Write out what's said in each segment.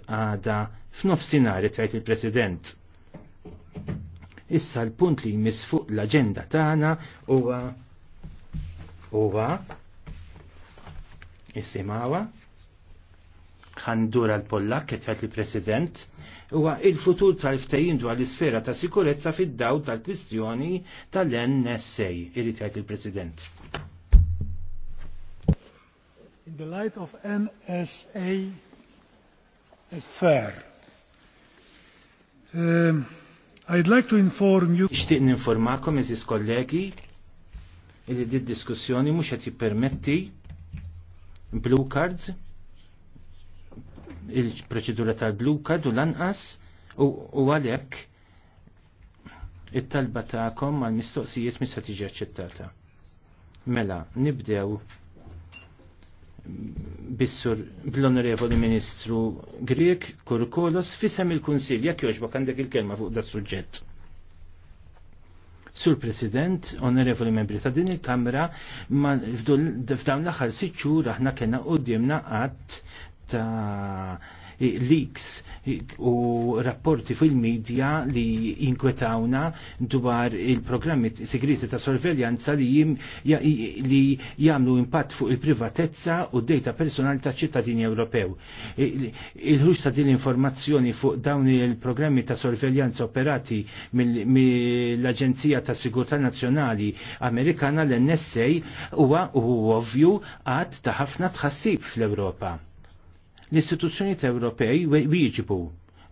għada f'nofsinhar tgħid il-President. Issa l-punt li jmiss fuq l-aġenda tagħna huwa huwa issimawa ħandura l-Pollak qed jgħid il-President huwa il-futur tal-ftehim dwar l-isfera ta' sikurezza fid-daw tal-kwistjoni tal-NSA, irid jgħid il-President. In the light of NSA fair. Um, I'd like to inform you. Ixtiq ninformakom eżis kollegi illi di diskussjoni mhux qed jippermetti blue cards il-proċedura tal-blue card u lanqas u għalhekk it-talba tagħkom għal mistoqsijiet mis se tiġi aċċettata. Mela, nibdew bissur bl-onorevoli ministru Grek Kurkolos fissem il konsil jekk joġbok għandek il-kelma fuq da suġġett. Sur President, onorevoli membri ta' din il-Kamra, ma f'dawn l-aħħar sitt xhur aħna kena dimna qatt ta' leaks u rapporti fil-medja li jinkwetawna dwar il-programmi segreti ta' sorveljanza li, jim, li jamlu impatt fuq il-privatezza u d-data personali ta' ċittadini Ewropew. Il-ħux ta' din l-informazzjoni fuq dawn il-programmi ta' sorveljanza operati mill-Aġenzija ta' Sigurtà Nazzjonali Amerikana l-NSA huwa ovvju għad ta' ħafna tħassib fl-Ewropa L-istituzzjonijiet Ewropej wieġbu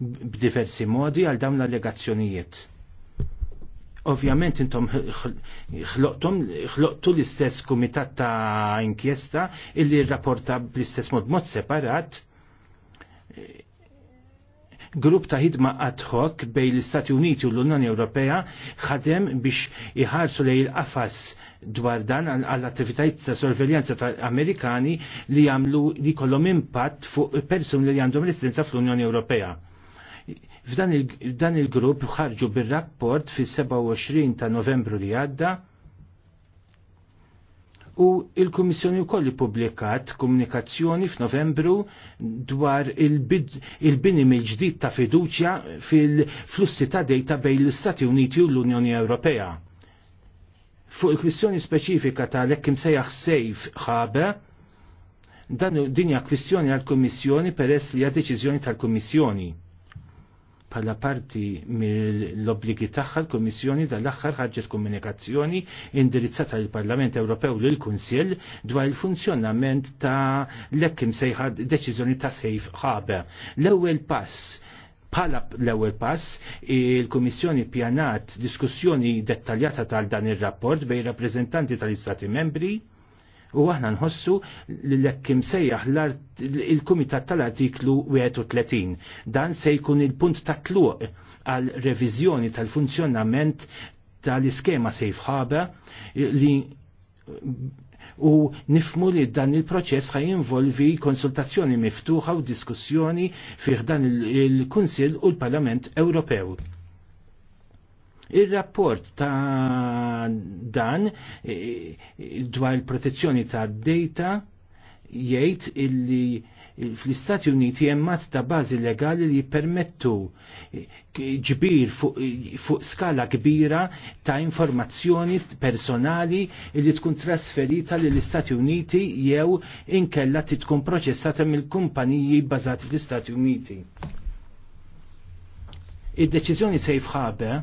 b'diversi modi għal dawn l-allegazzjonijiet. Ovvjament intom ħloqtu l-istess kumitat ta' inkjesta illi rrapporta bl-istess mod mod separat grupp ta' ħidma ad hoc bej l-Istati Uniti u l-Unjoni Ewropea ħadem biex iħarsu lej il-qafas dwar dan għall-attivitajiet ta' sorveljanza ta' Amerikani li jagħmlu li kollhom impatt fuq persuni li għandhom residenza fl-Unjoni Ewropea. F'dan il-grupp il ħarġu bir-rapport fis-27 ta' Novembru li għadda u il-Kummissjoni wkoll ippubblikat komunikazzjoni f'Novembru dwar il-bini il mill-ġdid ta' fiduċja fil-flussi ta' dejta bejn l-Istati Uniti u l-Unjoni Ewropea. Fuq il-kwistjoni speċifika ta lekk sejjaħ sejf ħabe, dan dinja kwistjoni għal-Kommissjoni peress li għad deċiżjoni tal-Kommissjoni. Pala parti mill-obbligi tagħha l-Kommissjoni dal-aħħar ħarġet komunikazzjoni indirizzata l parlament Ewropew lil kunsill dwar il-funzjonament ta' l-ekkim deċiżjoni ta' sejf ħabe. L-ewwel pass Pala l-ewwel pass, il-Kummissjoni pjanat diskussjoni dettaljata tal dan ir-rapport bej rappreżentanti tal-Istati membri u aħna nħossu l-lekk imsejjaħ il-Kumitat tal-Artiklu 31. Dan se jkun il-punt ta' tluq għal reviżjoni tal-funzjonament tal-iskema safe harbor li u nifmu li dan il-proċess ħaj involvi konsultazzjoni miftuħa u diskussjoni fih dan il-Kunsil u l-Parlament Ewropew. Il-rapport ta' dan eh, dwar il-protezzjoni ta' data jgħid illi fl-Istati Uniti jemmat ta' bażi legali li jippermettu ġbir fuq fu skala kbira ta' informazzjoni personali li tkun trasferita l istati Uniti jew inkella titkun proċessata mill-kumpaniji bbażati fl-Istati Uniti. Id-deċiżjoni Safe Harbor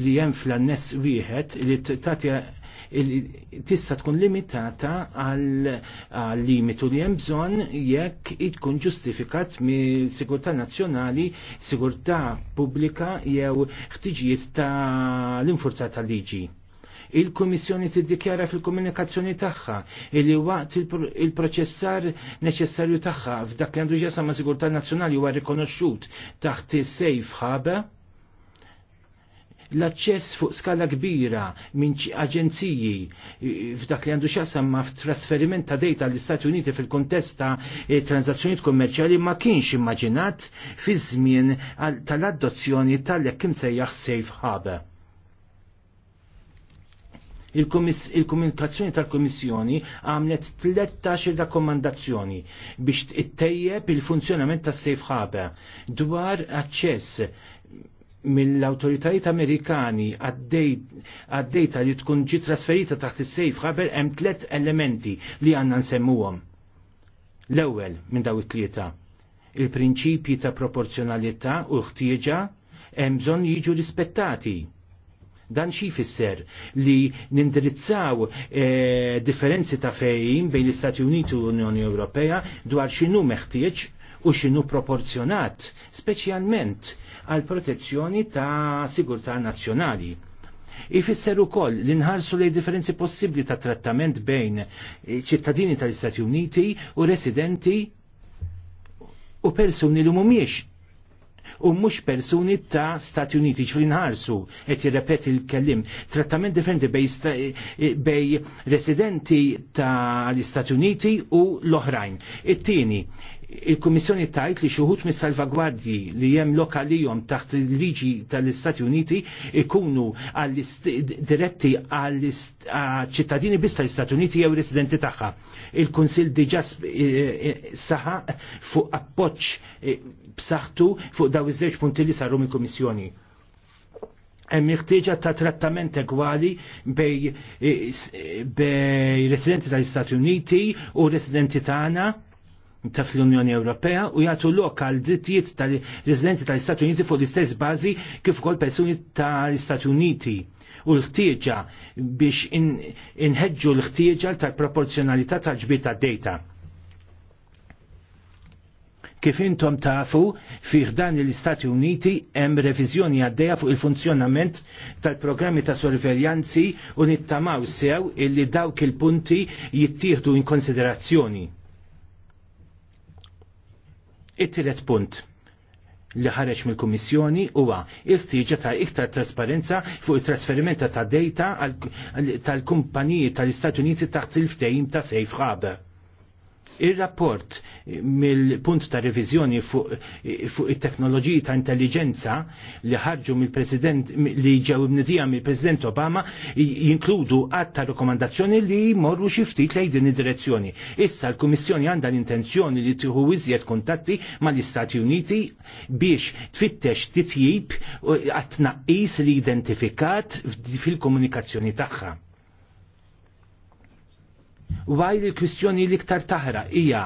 li jem fl-annes wieħed li tatja tista' tkun limitata għal limitu li hemm bżonn jekk tkun ġustifikat mill-sigurtà nazzjonali, sigurtà pubblika jew ħtiġijiet ta' l-infurzat tal-liġi il-Komissjoni tiddikjara fil-komunikazzjoni tagħha li waqt il-proċessar neċessarju tagħha f'dak li għandu ġesa ma' sigurtà nazzjonali huwa rikonoxxut taħt is-safe harbor l-aċċess fuq skala kbira minn aġenziji f'dak li għandu xasam ma' f'trasferiment ta' dejta l-Istati Uniti fil-kontest ta' e, transazzjonijiet kommerċjali ma kienx immaġinat fi żmien tal-adozzjoni tal-jekk imsejjaħ safe Harbor. Il-komunikazzjoni Il-komunikazzjoni tal-Komissjoni għamlet 13 rakkomandazzjoni biex it-tejjeb il-funzjonament tas safe Harbor dwar aċċess mill-autoritajiet Amerikani għaddejta li tkun ġi trasferita taħt is-sejf ħaber hemm tliet elementi li għandna nsemmuhom. L-ewwel minn daw it-tlieta il-prinċipji ta' proporzjonalità u ħtieġa hemm bżonn jiġu rispettati. Dan xi jfisser li nindirizzaw e, differenzi ta' fejn bejn l-Istati Uniti u l-Unjoni Ewropea dwar x'inhu meħtieġ u xinu proporzjonat, speċjalment għal protezzjoni ta' sigurtà nazzjonali. Ifisser ukoll li nħarsu lej differenzi possibbli ta' trattament bejn ċittadini tal-Istati Uniti u residenti u persuni li mhumiex u mhux persuni ta' Stati Uniti ċfri nħarsu, et jirrepet il-kellim, trattament differenti bej, bej residenti ta' l-Istati Uniti u l-oħrajn. It-tieni, il-Kummissjoni tajt li xuħut mis salvagwardji li jem lokalijom taħt il-liġi tal-Istati Uniti ikunu diretti għal-ċittadini bis tal-Istati Uniti jew residenti tagħha. Il-Kunsil diġa e- e- saħa fuq appoċ e, b'saħħtu fuq daw iż-żewġ punti li saru mill-Kummissjoni hemm iħtieġa ta' trattament egwali bej, bej residenti tal-Istati Uniti u residenti tagħna ta' fl-Unjoni Ewropea u jagħtu għal drittijiet tal-residenti tal-Istati Uniti fuq l-istess bażi kif ukoll persuni tal-Istati Uniti u l-ħtieġa biex inħeġġu l-ħtieġa tal-proporzjonalità tal-ġbir tad-data. Kif intom tafu fih dan l-Istati Uniti hemm reviżjoni għaddejja fuq il-funzjonament tal-programmi ta' sorveljanzi u nittamaw sew illi dawk il-punti jittieħdu in konsiderazzjoni. It-tielet punt li ħareġ mill-Kummissjoni huwa il-ħtieġa ta' iktar trasparenza fuq it-trasferimenta ta' data tal-kumpaniji tal-Istati Uniti taħt il-ftehim ta' Safe Harbor. Il-rapport mill-punt ta' revizjoni fuq fu it-teknoloġiji ta' intelligenza li ħarġu mill-President li ġew imnedija mill-President Obama jinkludu għatta rekomandazzjoni li morru xi ftit lejn din id-direzzjoni. Issa l-Kummissjoni għandha l-intenzjoni li tieħu iżjed kuntatti mal-Istati Uniti biex tfittex titjib għat tnaqqis li identifikat fil-komunikazzjoni tagħha Wajr il-kwistjoni l-iktar taħra hija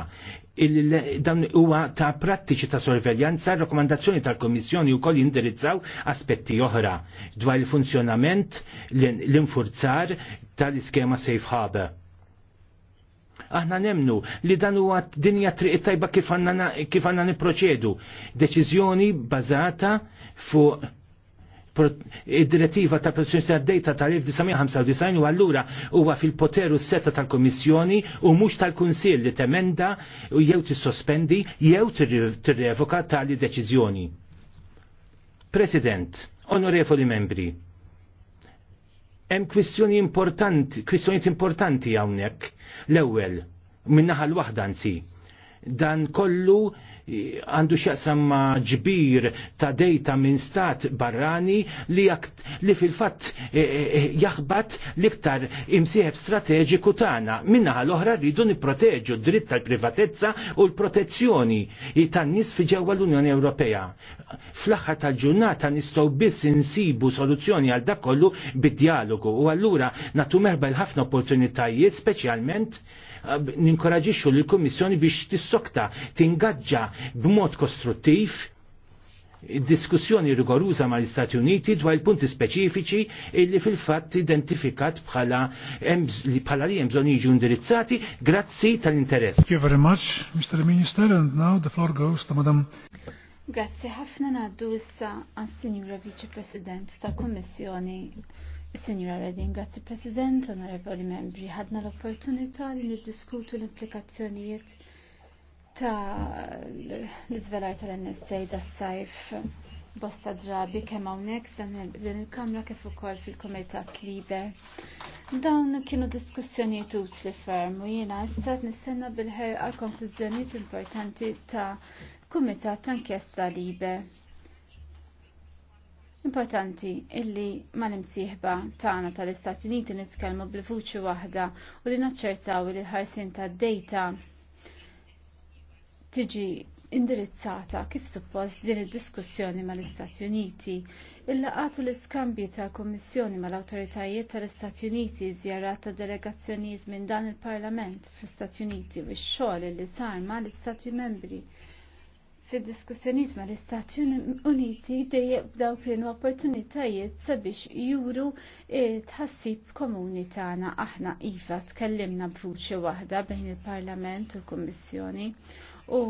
dan huwa ta' prattiċi ta' sorveljanza, rakkomandazzjoni tal-Komissjoni wkoll jindirizzaw aspetti oħra dwar il-funzjonament l-infurzar tal-iskema Safe Harbor. Aħna nemnu li dan huwa dinja triq tajba kif għandna niproċedu. Deċiżjoni bażata fuq id-direttiva ta' protezzjoni ta' data tal-1995 u allura huwa fil-poteru seta tal-Komissjoni u mhux tal-Kunsill li temenda u jew tissospendi jew tirrevoka tali deċiżjoni. President, onorevoli membri, hemm kwistjoni importanti, kwistjonijiet importanti hawnhekk. L-ewwel, minnaħa l-waħda nsi, dan kollu għandu xaqsam ġbir ta' dejta minn stat barrani li, li fil-fatt e, e, e, jaħbat liktar imsieħeb strateġiku tagħna. Minna l-oħra rridu nipproteġu dritt tal-privatezza u l-protezzjoni tan-nies fi ġewwa l-Unjoni Ewropea. Fl-aħħar tal-ġurnata nistgħu biss insibu soluzzjoni għal dak kollu bid-dialogu u allura nagħtu merba l-ħafna opportunitajiet speċjalment ninkoraġixxu lill kummissjoni biex tissokta tingaġġa b'mod kostruttiv diskussjoni rigoruża mal istati Uniti dwar il-punti speċifiċi illi fil-fatt identifikat bħala bħala li hemm bżonn jiġu indirizzati grazzi tal-interess. Thank you very much, Mr. Minister, and now the floor goes to Madam. Grazzi ħafna naddu issa għas-Sinjura Viċi President tal-Kummissjoni Signora Redding, grazzi President, onorevoli membri, ħadna l-opportunità li niddiskutu l-implikazzjonijiet ta' l-izvelar tal-NSA da' sajf bosta drabi kemm hawnhekk f'dan il-kamra kif ukoll fil-Kumitat Liber. Dawn kienu diskussjonijiet utli ferm u jiena issa nistenna bil-ħerqa konklużjonijiet importanti ta' Kumitat ta' Inkjesta Liber Importanti illi ma imsieħba tagħna tal-Istati Uniti nitkellmu bil vuċi waħda u li naċċertaw li l-ħarsin tad-dejta tiġi indirizzata kif suppost din id-diskussjoni mal-Istati Uniti. Il-laqat u l-iskambji tal-Kommissjoni mal-Awtoritajiet tal-Istati Uniti żjarat ta' delegazzjonijiet minn dan il-Parlament fl-Istati Uniti u x-xogħol li sar mal-Istati Membri fid diskussjoniet ma l-Istati Uniti dejjem daw kienu opportunitajiet sabiex juru tħassib komuni tagħna aħna iva tkellimna b'vuċi waħda bejn il-Parlament u l-Kummissjoni u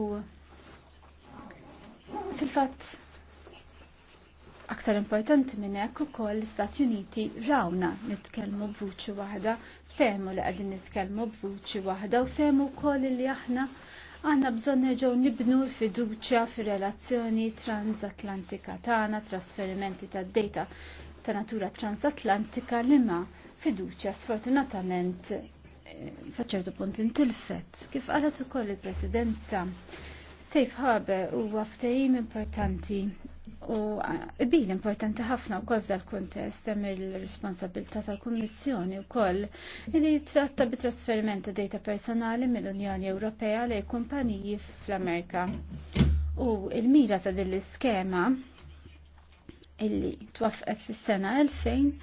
fil-fatt aktar importanti minn hekk ukoll l-Istati Uniti rawna nitkellmu b'vuċi waħda fehmu li qegħdin nitkellmu b'vuċi waħda u fehmu wkoll li aħna Għanna bżon nerġgħu nibnu fiduċja fir-relazzjoni transatlantika tagħna, trasferimenti ta' data ta' natura transatlantika li ma fiduċja sfortunatament eh, saċertu punt intilfet. Kif qalet ukoll il-Presidenza, Safe Harbor huwa ftehim importanti U eh, bil importanti ħafna u kol f'dal kontest hemm il-responsabilità tal-Kummissjoni wkoll li tratta bi trasferiment ta' data personali mill-Unjoni Ewropea lejn kumpaniji fl-Amerika. U il-mira ta' din l-iskema illi twaffqet fis-sena 2000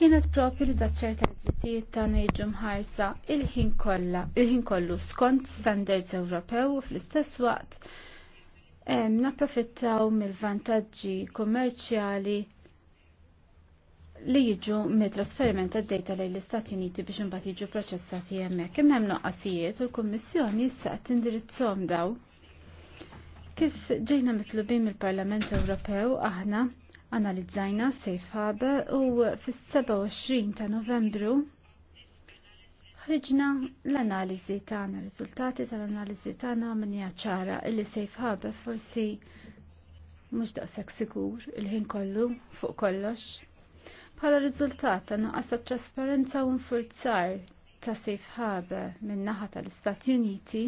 kienet propju li daċċerta d-drittijiet ta' ngħidu mħarsa il-ħin kollu skont standards Ewropew u fl-istess waqt napprofittaw mill-vantaġġi kummerċjali li jiġu mit-trasferiment tad dejta lejn l-Istati Uniti biex imbagħad jiġu proċessati hemmhekk. Kemm hemm noqqasijiet u l-Kummissjoni issa qed tindirizzhom daw. Kif ġejna mitlubin mill-Parlament Ewropew aħna analizzajna Safe Harbor u fis-27 ta' Novembru ħriġna l-analiżi tagħna, riżultati tal-analiżi tagħna għamilniha ċara illi safe harbor forsi mhux daqshekk sigur il-ħin kollu fuq kollox. Bħala riżultat ta' nuqqas trasparenza u nfurzar ta' safe harbor min-naħa tal-Istati Uniti,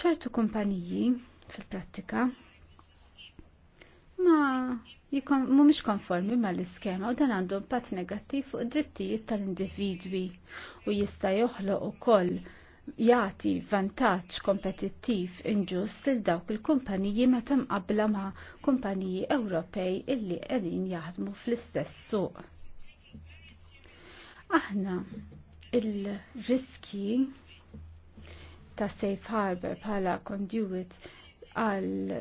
ċertu kumpaniji fil-prattika ma mhumiex konformi mal-iskema u dan għandu impatt negattiv fuq id-drittijiet tal-individwi u jista' joħloq ukoll jagħti vantaġġ kompetittiv inġust lil dawk il-kumpaniji meta mqabbla ma' kumpaniji Ewropej illi qegħdin jaħdmu fl-istess suq. Aħna il-riski ta' safe harbor bħala conduit għal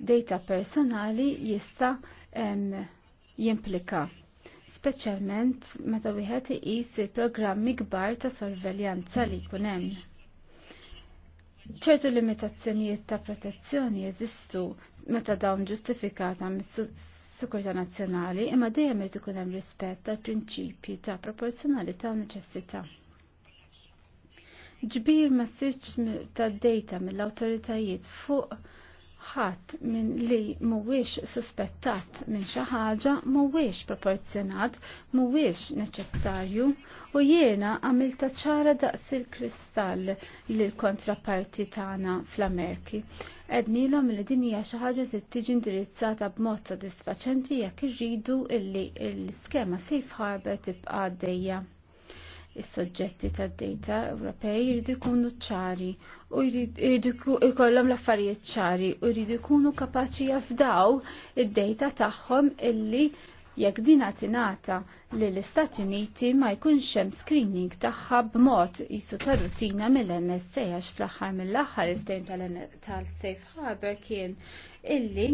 data personali jista' jimplika speċjalment meta wieħed iqis il-programmi kbar ta' sorveljanza li jkun hemm. ċertu limitazzjonijiet ta' protezzjoni jeżistu meta dawn ġustifikata mis-Sikurtà Nazzjonali imma dejjem irid ikun hemm rispett tal-prinċipji ta' proporzjonalità u neċessità. Ġbir massiġġ ta' data mill-awtoritajiet fuq ħadd minn li mhuwiex suspettat minn xi ħaġa mhuwiex proporzjonat, mhuwiex neċessarju u jiena għamilta ċara daqs il-kristall lill kontraparti tagħna fl-Amerki. Ednilhom li din hija xi ħaġa se tiġi indirizzata b'mod sodisfaċenti jekk irridu illi l-iskema safe harbor tibqa' għaddejja is-soġġetti tad-data Ewropej jridu jkunu ċari u jridu jkollhom l-affarijiet ċari u jridu jkunu kapaċi jafdaw id-data tagħhom illi jekk din tingħata li l-Istati Uniti ma jkunx hemm screening tagħha b'mod qisu ta' rutina mill-NSA għax fl-aħħar mill-aħħar il-ftehim tal-Safe Harbor kien illi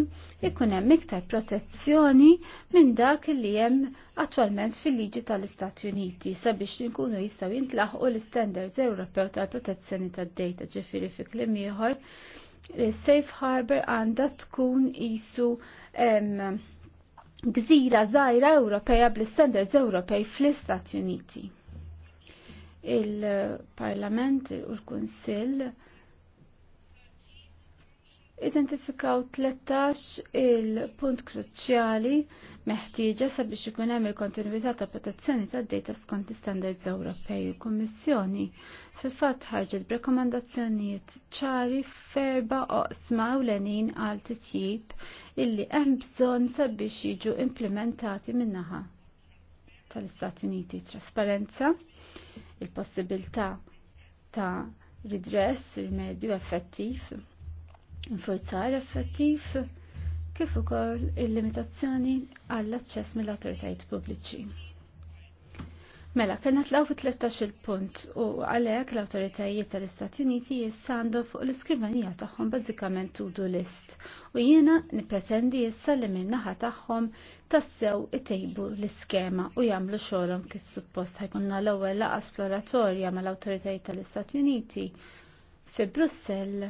ikun hemm iktar protezzjoni minn dak li hemm attwalment fil-liġi tal-Istati Uniti sabiex nkunu jistgħu jintlaħqu l-standards Ewropew tal-protezzjoni tad-data ġifieri fi kliem ieħor safe harbor għandha tkun isu gżira żgħira Ewropeja bl-standards Ewropej fl-Istati Uniti. Il-Parlament u l-Kunsill il parlament u l kunsill identifikaw 13 il-punt kruċjali meħtieġa sabiex ikun hemm il-kontinuità ta' protezzjoni tad-data skont standards Ewropej. l kummissjoni fil-fatt ħarġet rekomandazzjonijiet ċari ferba oqsma ewlenin għal titjib illi hemm bżonn sabiex jiġu implementati min-naħa tal-Istati Uniti. Trasparenza, il-possibilità ta' redress, rimedju effettiv, infurzar effettiv kif ukoll il-limitazzjoni għall-aċċess mill-awtoritajiet pubbliċi. Mela, kena tlaw fi 13 punt u għalek l-autoritajiet tal-Istati Uniti jessandu fuq l-iskrivanija tagħhom bażikament do list u jiena nipretendi jissa li minnaħa tagħhom tassew it-tejbu l-iskema u jagħmlu xogħolhom kif suppost ħajkunna l-ewwel laqgħa esploratorja mal-awtoritajiet tal-Istati Uniti fi Brussell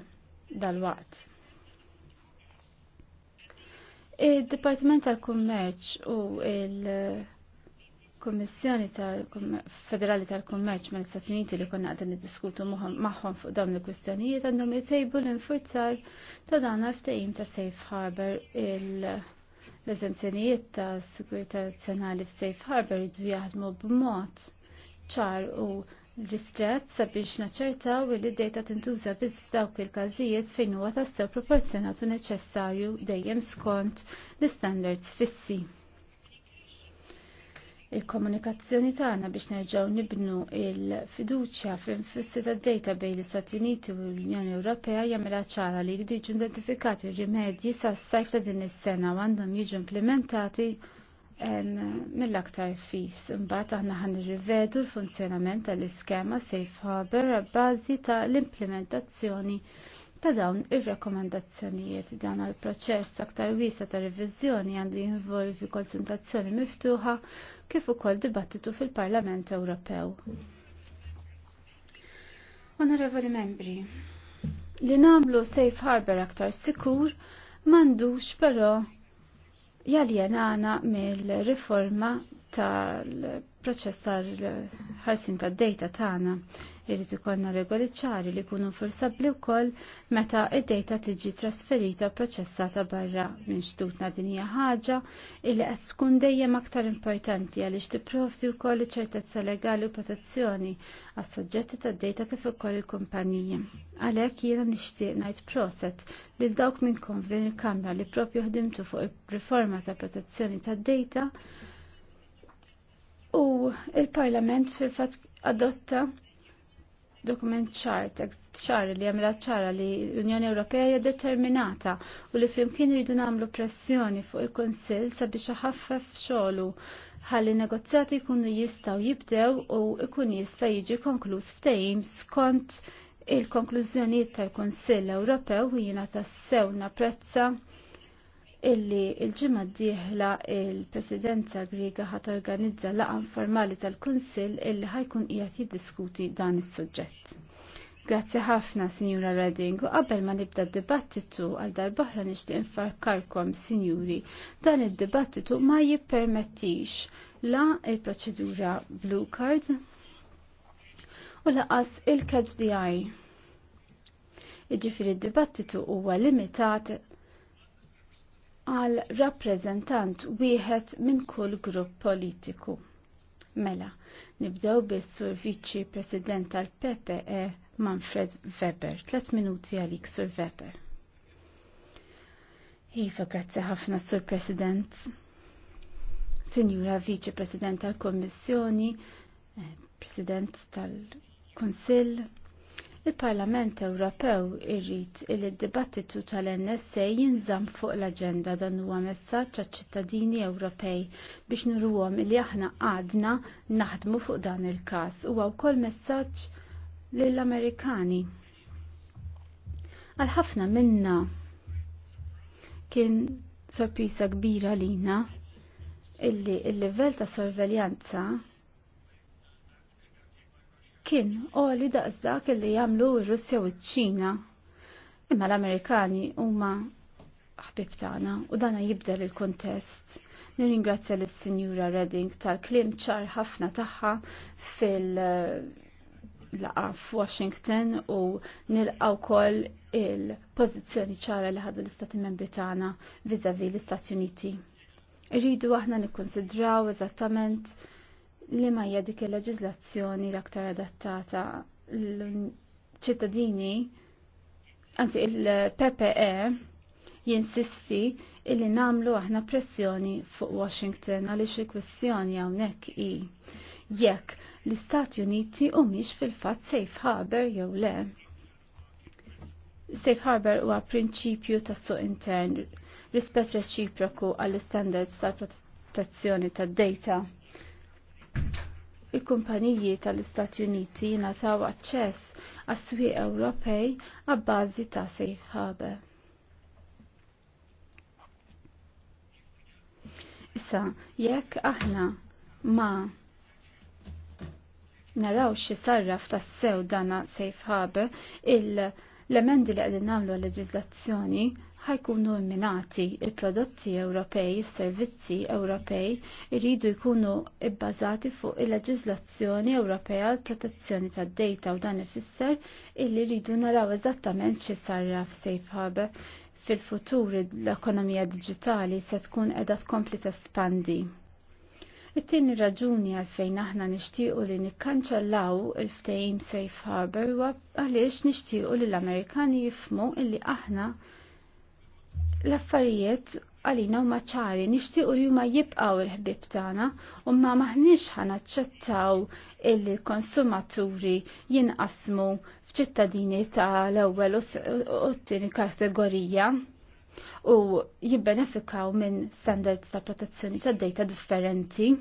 dal-waqt. Il-Dipartiment tal-Kummerċ u il-Kommissjoni tal Federali tal-Kummerċ l istati Uniti li konna għadin niddiskutu magħhom fuq dawn il-kwistjonijiet għandhom jitejbu l-infurzar ta' dan ftehim ta' Safe Harbor l-eżenzjonijiet ta' Sigurità Nazzjonali f'Safe Harbor jiddu jaħdmu b'mod ċar u ristret sabiex naċċertaw li d-data tintuża biss f'dawk il-każijiet fejn huwa tassew proporzjonat u neċessarju dejjem skont l-standards fissi. Il-komunikazzjoni tagħna biex nerġgħu nibnu il-fiduċja fil-fissi tad-data bejn l-Istati Uniti u l-Unjoni Ewropea jagħmilha ċara li jridu jiġu identifikati rimedji sas-sajf ta' din is-sena u għandhom jiġu implementati mill-aktar fis. Mbagħad aħna ħanirrivedu l-funzjonament tal-iskema Safe Harbor bbażi ta' l-implementazzjoni ta' dawn ir-rekomandazzjonijiet dan għal proċess aktar wiesa ta' reviżjoni għandu jinvolvi konsultazzjoni miftuħa kif ukoll dibattitu fil-Parlament Ewropew. Onorevoli membri, li namlu Safe Harbor aktar sikur mandux però jaljenana mill-riforma tal-proċess tal-ħarsin tad-dejta tagħna. Irrid ikollna regoli ċari li jkunu forsabbli wkoll meta id-dejta tiġi trasferita proċessata barra minn xtutna din hija ħaġa li qed tkun dejjem aktar importanti għaliex tipprovdi wkoll ċertezza legali u protezzjoni għas soġġetti tad-dejta kif ukoll il-kumpaniji. Għalhekk jiena nixtieq ngħid proset lil dawk minnkom f'din il-Kamra li propju ħdimtu fuq il-riforma ta' protezzjoni tad-dejta U il-Parlament fil-fat adotta dokument ċar, tekst ċar li għamela ċara li l-Unjoni Ewropea hija determinata u li flimkien rridu nagħmlu pressjoni fuq il-Kunsill sabiex iħaffef xogħlu ħalli negozjati jkunu jistgħu jibdew u jkun jista' jiġi konkluż ftehim skont il-konklużjonijiet tal-Kunsill Ewropew u jiena tassew napprezza illi il-ġimma d-dieħla il-presidenza griega ħat organizza laqa informali tal-Kunsill illi ħajkun qiegħed jiddiskuti dan is-suġġett. Grazzi ħafna, Sinjura Redding, u qabel ma nibda d-dibattitu għal darbaħra nixtieq infarkarkom, Sinjuri, dan id-dibattitu ma jippermettix la il-proċedura Blue Card u laqas il-KHDI. Iġifiri d-dibattitu huwa limitat għal rappreżentant wieħed minn kull grupp politiku. Mela, nibdew bis sur Vici president tal e Manfred Weber. Tlet minuti għalik sur Weber. Iva, grazzi ħafna sur president. Sinjura Vici president tal-Kommissjoni, eh, president tal konsil Il-Parlament Ewropew irrid il id-dibattitu tal-NSA jinżamm fuq l-aġenda dan huwa messaġġ għaċ-ċittadini Ewropej biex nurruhom li aħna għadna naħdmu fuq dan il-każ huwa wkoll messaġġ lill-Amerikani. Għal ħafna minna kien sorpriża kbira lina illi il-livell ta' sorveljanza kien li daqs dak li jagħmlu r-Russja u ċ-Ċina. Imma l-Amerikani huma ħbib tagħna u dana jibdel il-kontest. Nirringrazzja lis sinjura Redding tal-klim ċar ħafna tagħha fil- laqa f'Washington u nilqaw wkoll il pożizzjoni ċara li ħadu l-Istati Membri tagħna viżavi l-Istati Uniti. Irridu aħna nikkonsidraw eżattament li ma hija dik il-leġiżlazzjoni l-aktar adattata l-ċittadini, anzi il-PPE jinsisti illi namlu aħna pressjoni fuq Washington għaliex il-kwestjoni hawnhekk i jekk l-Istati Uniti humiex fil-fatt safe harbor jew le. Safe harbor huwa prinċipju ta' suq intern rispett reċiproku għall-standards tal-protezzjoni tad-data il-kumpaniji tal-Istati Uniti nataw aċċess għas-swieq Ewropej għabbażi ta' safe harbor. Issa, jekk aħna ma naraw xi sarraf tas-sew dana safe harbor, il-lemendi li qegħdin nagħmlu għal leġiżlazzjoni ħajkunu imminati. Il-prodotti Ewropej, il-servizzi Ewropej irridu jkunu ibbażati fuq il-leġizlazzjoni Ewropea għal protezzjoni tad dejta u dan ifisser illi rridu naraw eżattament xi sarra f'Safe Harbor fil-futur l-ekonomija digitali se tkun edha tkompli tespandi. It-tieni raġuni għalfejn aħna nixtiequ li nikkanċellaw il-ftehim Safe Harbor huwa għaliex nixtiequ li l-Amerikani jifmu illi aħna l-affarijiet għalina u maċċari nixtiequ li huma jibqgħu il ħbib tagħna u ma maħniex ħanaċċettaw il-konsumaturi jinqasmu f'ċittadini ta' l-ewwel u t-tieni kategorija u jibbenefikaw minn standards ta' protezzjoni ta' data differenti.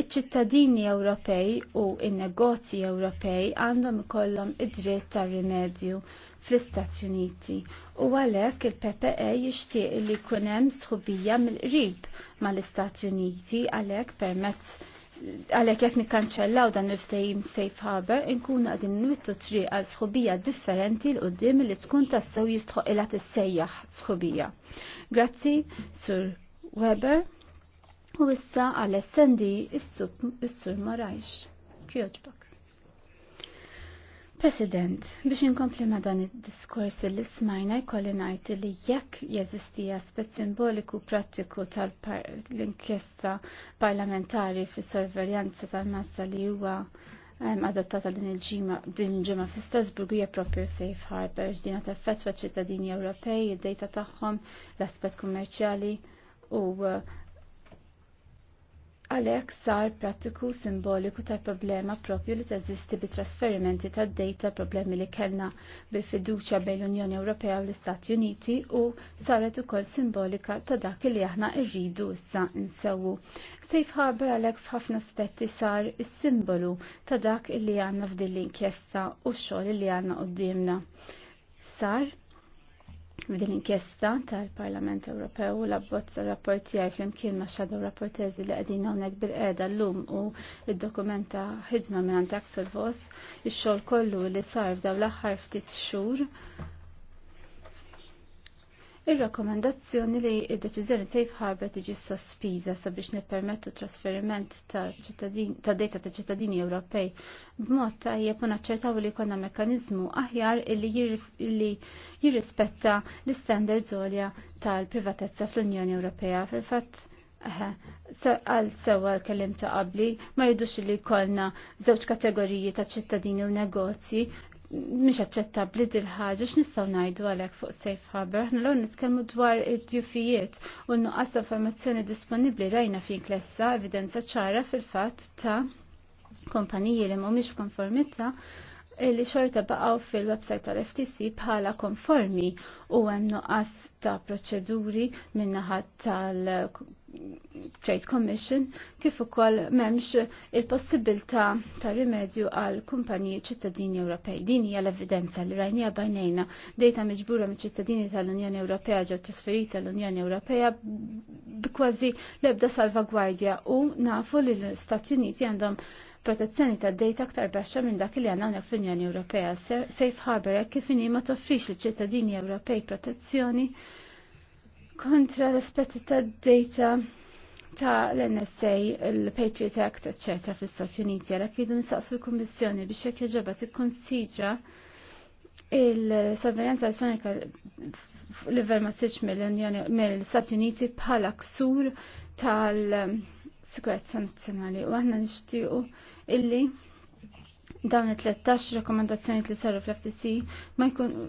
Iċ-ċittadini Ewropej u n-negozji Ewropej għandhom ikollhom id-dritt tar rimedju fl-Istati Uniti u għalhekk il-PPE jixtieq li jkun hemm sħubija mill-qrib mal-Istati Uniti għalhekk permezz għalhekk jekk nikkanċellaw dan il-ftehim safe harbor, inkun qegħdin nwittu triq għal sħubija differenti l qudiem li tkun tassew jistħoq ila tissejjaħ sħubija. Grazzi, Sur Weber. U issa għal-essendi is-sur marajx. Kjoġbak. President, biex inkompli ma dan id-diskors li smajna jkolli ngħid li jekk jeżisti aspett simboliku prattiku tal-inkjesta parlamentari fis sorverjanza tal-massa li huwa adottata din il-ġimgħa fi Strasburg hija propju safe harbor ġdina fetwa ċittadini Ewropej, id-dejta tagħhom, l-aspett kummerċjali u Għalek sar pratiku simboliku tal problema propju li teżisti bi trasferimenti ta' data problemi li kellna bil-fiduċa bejn l-Unjoni Ewropea u l-Istati Uniti u saret ukoll simbolika ta' dak li aħna rridu issa nsewu. Safe Harbor għalek f'ħafna aspetti sar is-simbolu ta' dak li għanna f'din l-inkjesta u x-xogħol li għanna qudiemna. Sar F'din inkjesta tal-Parlament Ewropew u l-abbozz rapport tiegħi flimkien ma' xadu rapportezi li qegħdin hawnhekk bil l llum u d-dokumenta ħidma minn Axel Vos, ix-xogħol kollu li sar fdaw l-aħħar ftit xhur Ir-rakkomandazzjoni li id-deċiżjoni safe harbor tiġi sospiża sabiex nippermettu trasferiment ta' data ta' ċittadini Ewropej b'mod tajjeb u naċċertaw li jkollna mekkaniżmu aħjar li jirrispetta l-istandards għolja tal-privatezza fl-Unjoni Ewropea. Fil-fatt għal sewa kellim ta' qabli, ma rridux li kolna żewġ kategoriji ta' ċittadini u negozji mhix aċċettabbli dil ħaġa x'nistgħu ngħidu għalhekk fuq safe harbor, aħna l nitkellmu dwar id-djufijiet u nuqqas informazzjoni disponibbli rajna fin klessa evidenza ċara fil-fatt ta' kompaniji li mhumiex f'konformità li xorta baqaw fil-website tal-FTC bħala konformi u hemm nuqqas ta' proċeduri minnaħat tal Trade Commission kif ukoll m'hemmx il-possibilità ta' rimedju għal kumpaniji ċittadini Ewropej. Din hija l-evidenza li rajnija bajnejna dejta miġbura miċ ċittadini tal-Unjoni Ewropea ġew trasferita l-Unjoni Ewropea b'kważi l-ebda salvagwardja u nafu li l istati Uniti għandhom protezzjoni ta' dejta aktar baxxa minn dak li għandna fl-Unjoni Ewropea. Safe Harbor kif inhi ma toffrix liċ ċittadini Ewropej protezzjoni kontra l-aspetti ta' data ta' l-NSA, il-Patriot Act, etc. fl-Stati Uniti, għalek jidu nisaqsu l-Kommissjoni biex jek jġoba t-konsidra il-sorvenjanza l-level ma tiġ mill-Stati Uniti bħala ksur tal-sikurezza nazzjonali u għanna nixtiequ illi dawn it-13 rekomendazzjoni li saru fl-FTC ma jkun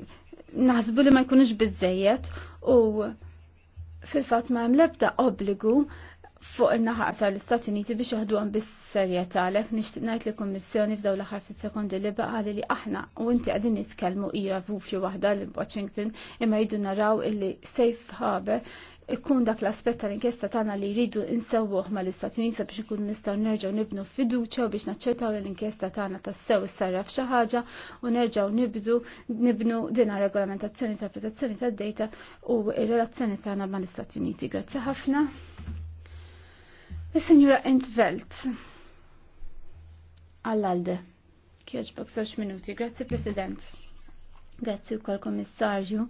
naħsbu li ma jkunux bizzejiet u fil-fatt ma hemm l-ebda obbligu fuq in naħaq tal-Istati Uniti biex għan bis-serjetà għalhekk nixtieq ngħid li kummissjoni f'daw l-aħħar sekondi li baqa' li aħna u inti qegħdin nitkellmu hija vufju waħda l Washington imma jridu naraw illi safe harbor ikkun dak l-aspett tal-inkjesta tagħna li jridu nsewwuh mal-Istati Uniti biex ikun nistgħu nerġgħu nibnu fiduċja u biex naċċettaw li l-inkjesta tagħna tassew issarraf xi ħaġa u nerġgħu nibdu nibnu din regolamentazzjoni tal protezzjoni tad-dejta u r-relazzjoni tagħna mal-Istati Uniti. Grazzi ħafna. Is-Sinjura Entvelt. Għall-għalde. Kieġbok żewġ minuti. Grazzi President. Grazzi wkoll Komissarju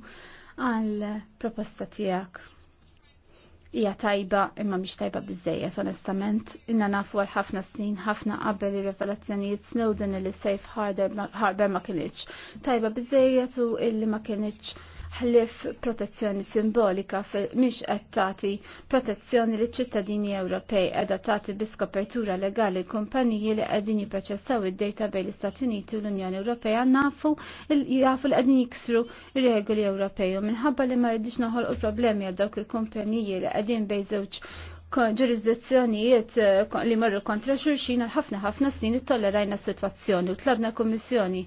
għal proposta tiegħek hija tajba imma mhix tajba biżejjed onestament. Inna nafu għal ħafna snin ħafna qabel ir-revelazzjonijiet Snowden li safe harbor ma kienx tajba biżejjed u illi ma kienx ħlif protezzjoni simbolika miex qed tagħti protezzjoni li ċittadini Ewropej qiegħda tagħti biskopertura legali kumpaniji li qegħdin jipproċessaw id-dejta bejn l-Istati Uniti u l-Unjoni Ewropea nafu jafu li qegħdin jiksru regoli Ewropej u minħabba li ma rridix noħolqu problemi għal dawk il-kumpaniji li qegħdin bejn żewġ ġurisdizzjonijiet eh, li marru kontra xurxina ħafna ħafna snin it-tollerajna s-situazzjoni u tlabna kommissjoni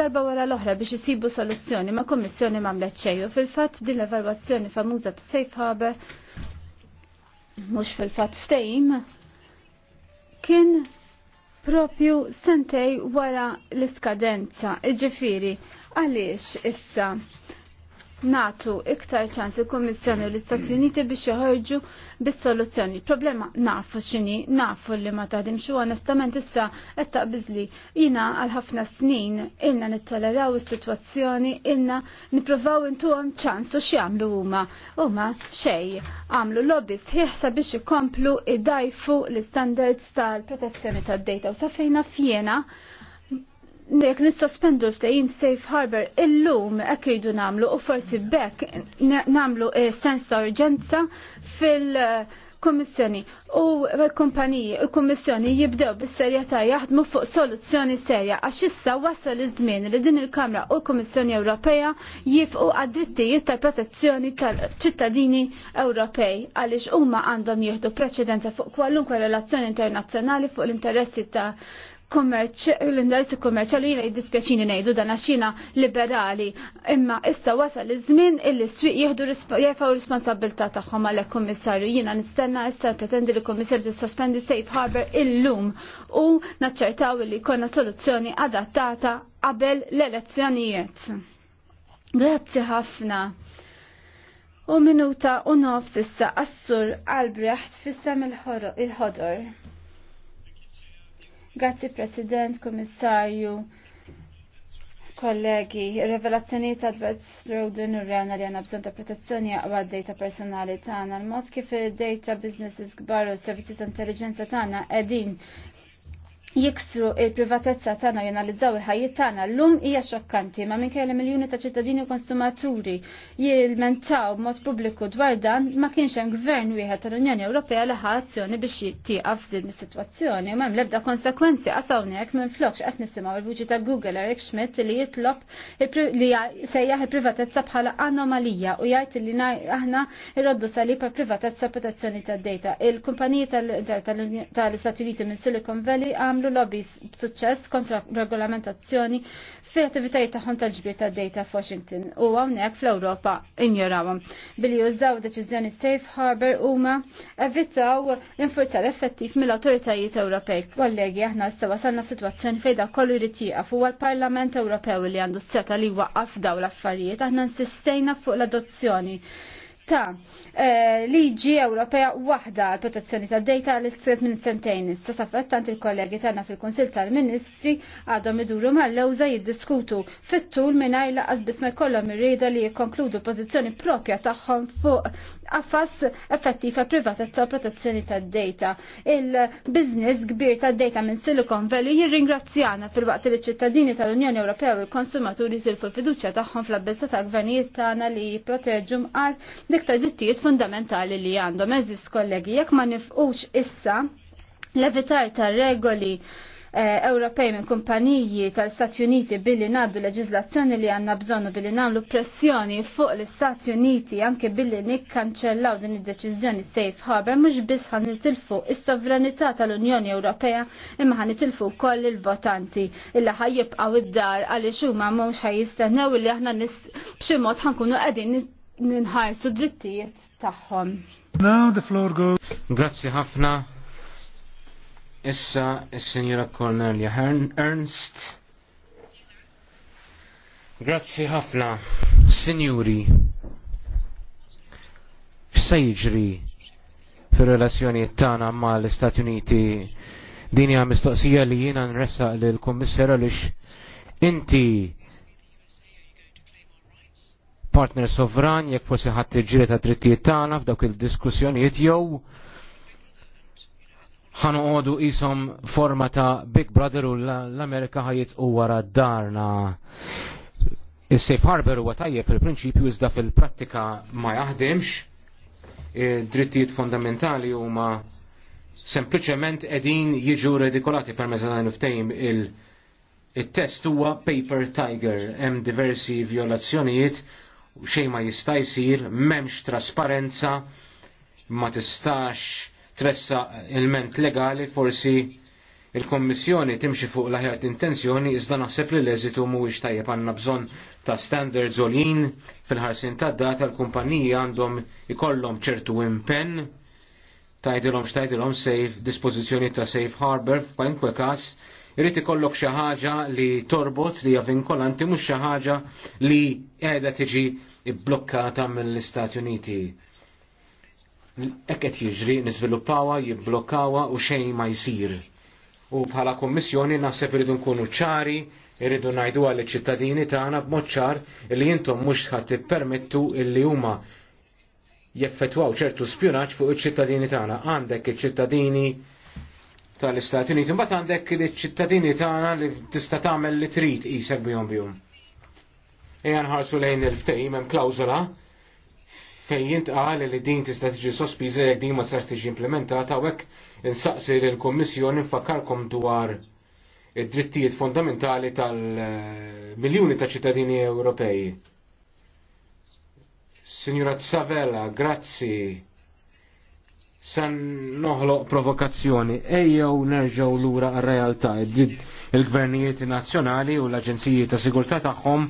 darba wara l-oħra biex jisibu soluzzjoni ma' kommissjoni mamlet ċeju. Fil-fat din l-evalwazzjoni famuża ta' Safe Harbor mhux fil-fat ftejim kien propju sentej wara l-iskadenza. iġifiri, għaliex issa natu iktar ċans il-Kommissjoni u l-Istati Uniti biex joħorġu bis-soluzzjoni. Problema nafu x'inhi, nafu li ma taħdimx xu onestament issa qed taqbiżli jina għal ħafna snin ilna nittoleraw is-sitwazzjoni, ilna nippruvaw intuhom ċans u x'jagħmlu huma. Huma xej għamlu lobbies ħieħsa biex ikomplu idajfu l-istandards tal-protezzjoni tad-data u safejna fjena Nek nissospendu l-ftajim safe harbor illum ekkridu namlu u forsi bekk namlu eh, sens ta' urġenza fil-Kommissjoni u l-kumpaniji, l-Kommissjoni jibdew bis-serjetà jaħdmu fuq soluzzjoni serja għax issa wasal iż-żmien li din il-Kamra u l kummissjoni Ewropea jifqu għad-drittijiet tal-protezzjoni tal-ċittadini Ewropej għaliex huma għandhom jieħdu preċedenza fuq kwalunkwe relazzjoni internazzjonali fuq l-interessi ta' kummerċ, l-indirizz kummerċali jina jiddispjaċini nejdu dan għaxina liberali, imma issa wasal iż-żmien illi s-swiq jieħdu jiefaw responsabilità tagħhom għal kummissarju jina nistenna issa pretendi li kummissarju sospendi safe harbor illum u naċċertaw li konna soluzzjoni adattata qabel l-elezzjonijiet. Grazzi ħafna. U minuta u nofs issa assur Albrecht fissem il-ħodor. il ħodor Grazzi President, Komissarju, kollegi, revelazzjoni ta' Edward Snowden u rewna li għanna bżon ta' protezzjoni għaqwa data personali tagħna. L-mod kif id-data businesses kbar u s-servizzi ta' intelligenza tagħna qegħdin jiksru il-privatezza tagħna u jenalizzaw il tana. tagħna llum hija xokkanti ma minkejja miljuni ta' ċittadini u konsumaturi jilmentaw b'mod pubbliku dwar dan ma kienx hemm gvern wieħed tal-Unjoni Ewropea li ħa azzjoni biex jittieqaf f'din is-sitwazzjoni u m'hemm l-ebda konsekwenzi qasawnek minn flokx qed nisimgħu il-vuċi ta' Google Eric Schmidt li jitlob li sejjaħ il-privatezza bħala anomalija u jgħid li aħna irroddu salib privatezza protezzjoni tad-data. Il-kumpaniji tal-Istati Uniti minn Silicon Valley għamlu jagħmlu lobby b'suċċess kontra regolamentazzjoni fil-attivitajiet tagħhom tal-ġbir tad-data f'Washington u hawnhekk fl-Ewropa injorawhom. Billi jużaw deċiżjoni safe harbor huma evitaw l-infurzar effettiv mill-awtoritajiet Ewropej. Kollegi aħna issa wasalna f'sitwazzjoni fejda kollu jrid jieqaf huwa l-Parlament Ewropew li għandu seta li waqqaf daw l-affarijiet aħna nsistejna fuq l-adozzjoni ta' eh, liġi Ewropea waħda għal protezzjoni ta' data li s-sirt minn sentejn. Issa safrattant il-kollegi tagħna fil konsil tal-Ministri għadhom iduru mal-lewża jiddiskutu fit-tul mingħajr laqas biss ma jkollhom irrieda li jikkonkludu pożizzjoni propja tagħhom fuq affas effettiva privata ta' protezzjoni tad-data. Il-biznis kbir tad-data minn Silicon Valley jirringrazzjana fil-waqt li ċittadini tal-Unjoni Ewropea u l-konsumaturi zilfu fiduċja tagħhom fl-abilità ta' gvernijiet tagħna li jipproteġu mqar dik ta' ġittijiet fundamentali li għandhom. Eżis kollegi, jekk ma nifqux issa l-evitar tar regoli Eh, Ewropej minn kumpaniji tal-Stati Uniti billi naddu leġizlazzjoni li għanna bżonnu billi namlu pressjoni fuq l-Stati Uniti anke billi nikkanċellaw din id-deċiżjoni safe harbor mhux biss ħan nitilfu is-sovranità tal-Unjoni Ewropea imma ħan nitilfu wkoll il-votanti illi ħajjibqgħu id-dar għaliex huma mhux ħajjistennew li aħna b'xi mod ħankunu qegħdin ninħarsu drittijiet tagħhom. Now the floor goes. Grazzi ħafna Issa, il-Senjora Cornelia Ernst. Grazzi ħafna, Sinjuri. F'sa jiġri fir-relazzjoni tagħna mal-Istati Uniti din hija mistoqsija li jiena nressaq lill kommissar għalix inti partner sovran jekk forsi ħadd tiġri ta' drittijiet tagħna f'dawk il-diskussjonijiet jew għodu jisom forma ta' Big Brother u l-Amerika ħajit u wara d-darna. Il-Safe Harbor huwa tajjeb fil-prinċipju iżda fil-prattika ma jaħdimx, drittijiet fondamentali huma sempliċement edin jiġu redikolati per mezzanan ftejm il- Il-test huwa Paper Tiger, hemm diversi violazzjonijiet xejn ma jista' jsir, m'hemmx trasparenza, ma tistax tressa il-ment legali forsi il-Kommissjoni timxi fuq laħjart intenzjoni iżda naħseb li l-eżitu mhuwiex tajjeb għandna bżonn ta' standards olin fil-ħarsin ta' data l-kumpanija għandhom ikollhom ċertu impenn tajdilhom x'tajdilhom safe dispożizzjoni ta' safe harbor f'kwalunkwe każ irid ikollok xi ħaġa li torbot li hija vinkolanti mhux xi ħaġa li qiegħda tiġi bblokkata mill-Istati Uniti ekket jiġri nizviluppawa, jibblokkawa u xejn ma jsir. U bħala kommissjoni naħseb irridu nkunu ċari, irridu najdu għalli ċittadini tagħna b'mod ċar li jintom mhux ħadd ippermettu illi huma jeffettwaw ċertu spjunaġġ fuq iċ-ċittadini tagħna. Għandek iċ-ċittadini tal-Istati Uniti, mbagħad għandek iċ-ċittadini tagħna li tista' tagħmel li trid qisek bihom bihom. Ejja nħarsu lejn il-ftehim hemm klawżola fejn jintqal li din tista' tiġi sospiża jekk din ma sarx tiġi implementata u hekk insaqsi lill-Kummissjoni nfakkarkom dwar id-drittijiet fondamentali tal-miljuni ta' ċittadini Ewropej. Signora Tsavella, grazzi. San noħloq provokazzjoni. Ejjew nerġgħu lura għar-realtà. Il-gvernijiet nazzjonali u l-aġenziji ta' sigurtà tagħhom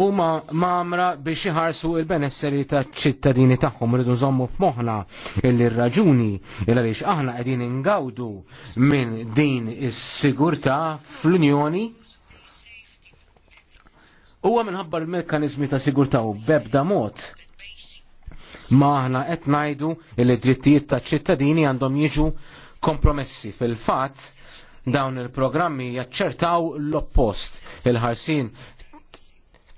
huma mamra biex iħarsu il-benesseri ta' ċittadini tagħhom rridu nżommu f'moħħna illi raġuni il għaliex aħna qegħdin ingawdu minn din is-sigurtà fl-Unjoni huwa minħabba l-mekkaniżmi ta' sigurtà u bebda mod ma aħna qed ngħidu li drittijiet ta' ċittadini għandhom jiġu kompromessi fil-fatt dawn il-programmi jaċċertaw l-oppost il-ħarsin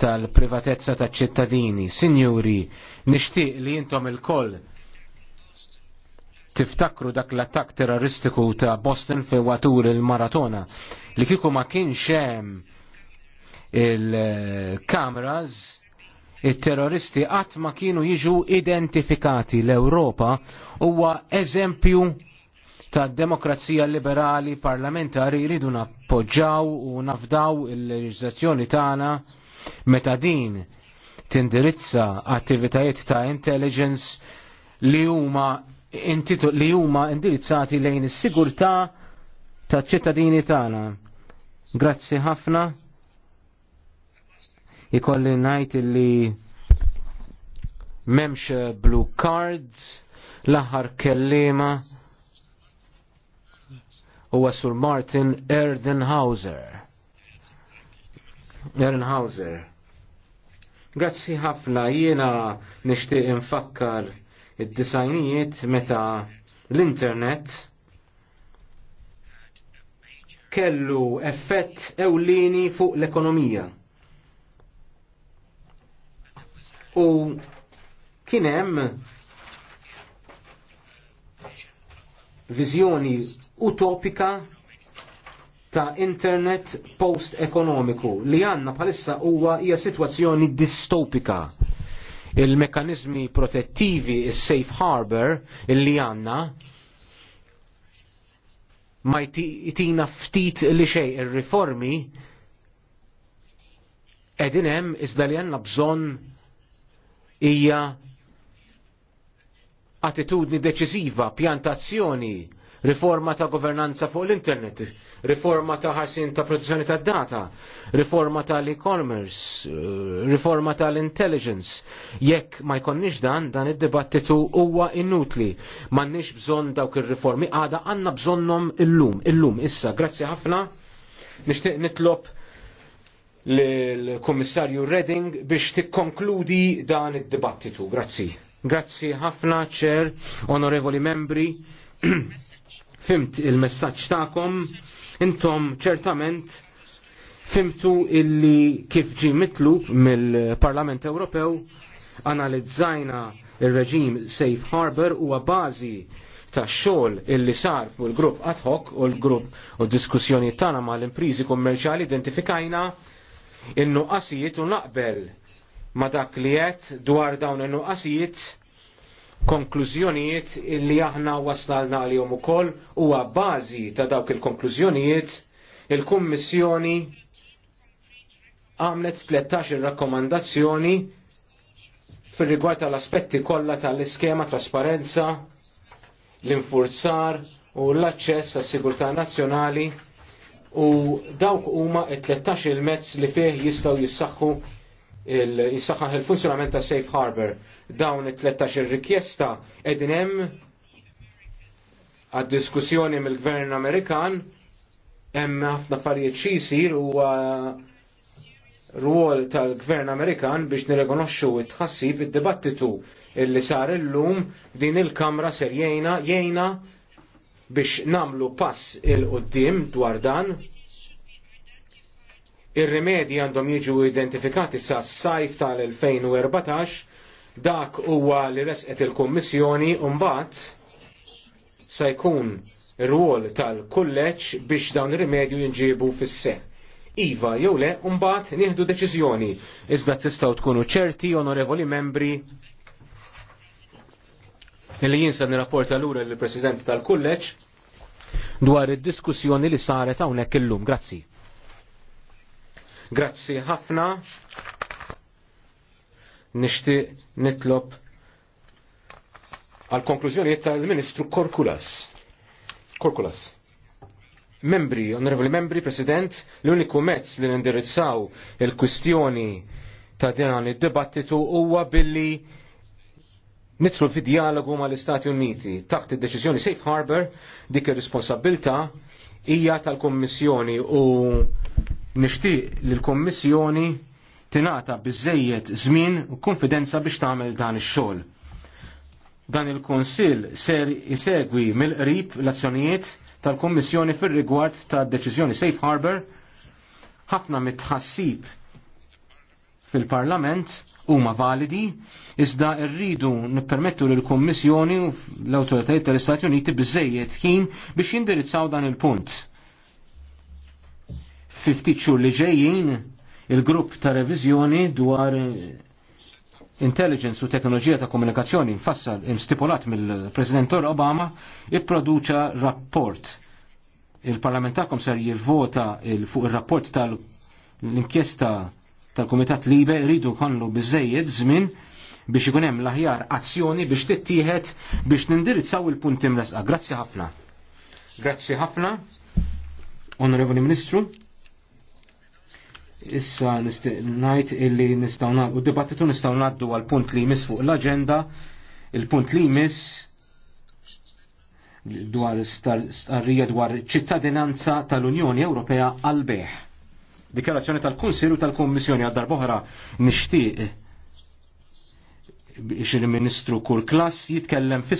tal-privatezza taċ ċittadini Signuri, nixtieq li intom il-koll tiftakru dak l-attak terroristiku ta' Boston fi watur il-maratona li kiku ma kienx hemm il-kameras il-terroristi qatt ma kienu jiġu identifikati l-Ewropa huwa eżempju ta' demokrazija liberali parlamentari jridu nappoġġaw u nafdaw il-leġizzazzjoni tagħna meta din tindirizza attivitajiet ta' intelligence li huma li huma indirizzati lejn is-sigurtà taċ ċittadini tagħna. Grazzi ħafna. Ikolli ngħid li m'hemmx blue cards l-aħħar kellima huwa Sur Martin Erdenhauser. Ehrenhauser. Grazzi ħafna jiena nixtieq infakkar id-disajnijiet meta l-internet kellu effett ewlini fuq l-ekonomija. U kienem viżjoni utopika ta' internet post-ekonomiku li għanna bħalissa huwa hija situazzjoni distopika. il mekanizmi protettivi, il-safe harbor, li għanna, ma jtina ftit li xej il-riformi edinem iżda li għanna bżon ija attitudni deċiżiva, pjantazzjoni, riforma ta' governanza fuq l-internet, riforma ta' ħarsin ta' protezzjoni ta' data, riforma ta' l-e-commerce, eh, riforma ta' l-intelligence. Jekk ma jkonniex dan, dan id-dibattitu huwa inutli. M'għandniex bżonn dawk ir-riformi, għada għandna bżonnhom illum, illum issa. Grazzi ħafna. Nixtieq nitlob l-Kummissarju Redding biex tikkonkludi dan id-dibattitu. Grazzi. Grazzi ħafna, ċer, onorevoli membri. fimt il-messaġġ tagħkom, intom ċertament fimtu illi kif ġi mitlu mill-Parlament Ewropew analizzajna il-reġim Safe Harbor huwa bażi ta' xogħol illi sar fuq il-grupp ad hoc u l-grupp u diskussjoni tagħna mal-imprizi kummerċjali identifikajna innu qasijiet u naqbel ma dak li qed dwar dawn innu nuqqasijiet konklużjonijiet li aħna waslna għalihom ukoll huwa bażi ta' dawk il-konklużjonijiet il-Kummissjoni għamlet 13 rakkomandazzjoni fir rigward tal-aspetti kollha tal-iskema trasparenza, l-infurzar u l-aċċess għas sigurtà nazzjonali u dawk huma t 13 il-mezz li fih jistgħu jissaħħu il-saħħaħ il-funzjonament ta' Safe Harbor dawn it-13 rikjesta edin hemm għad-diskussjoni mill-Gvern Amerikan hemm ħafna affarijiet xi jsir huwa rwol tal-Gvern Amerikan biex nirekonoxxu it-tħassib id-dibattitu illi sar illum din il-Kamra ser jgħina jgħina biex namlu pass il-qoddim dwar dan Ir-rimedji għandhom jiġu identifikati sa sajf tal-2014 dak huwa li resqet il-Kummissjoni u mbagħad se jkun ir-rwol tal-kulleġġ biex dawn ir-rimedju jinġiebu fis-seħ. Iva, jew le, mbagħad nieħdu deċiżjoni. Iżda tistgħu tkunu ċerti, onorevoli membri, li jinsa nirrapporta lura l-President tal-Kulleġġ dwar id-diskussjoni li saret hawnhekk illum. Grazzi. Grazzi ħafna. Nixtieq nitlob għal konklużjonijiet tal-Ministru Korkulas. Korkulas. Membri, onorevoli membri, President, l-uniku mezz li nindirizzaw il-kwistjoni ta' dan id-dibattitu huwa billi nitlu fi dialogu ma l-Istati Uniti taħt id-deċiżjoni Safe Harbor dik ir-responsabilta hija tal-Kommissjoni u Nixtieq li l-Kommissjoni tingħata bizzejiet żmien u konfidenza biex tagħmel dan ix-xogħol. Dan il-Kunsill ser isegwi mill-qrib l-azzjonijiet tal-Kommissjoni fir-rigward tad-deċiżjoni Safe Harbor ħafna mitħassib fil-Parlament huma validi iżda rridu nippermettu lil kummissjoni u l-awtoritajiet tal-Istati Uniti biżejjed ħin biex jindirizzaw dan il-punt fiftit xhur li ġejjin il-grupp ta' reviżjoni dwar intelligence u teknoloġija ta' komunikazzjoni fassal stipulat mill-President Obama ipproduċa rapport. Il-parlamentakom ser jivvota il fuq il-rapport tal-inkjesta tal-Komitat Libe rridu konlu biżejjed żmien biex ikun hemm l-aħjar azzjoni biex tittieħed biex nindirizzaw il-punti mresqa. Grazzi ħafna. Grazzi ħafna, Onorevoli Ministru. Issa najt illi nistawna u dibattitu nistawna naddu għal punt li jmiss fuq l-agenda, il-punt li jmiss dwar starrija dwar ċittadinanza tal-Unjoni Ewropea għal-beħ. Dikarazzjoni tal-Kunsil u tal-Kommissjoni għad darboħra nixtieq biex il-Ministru klass jitkellem fis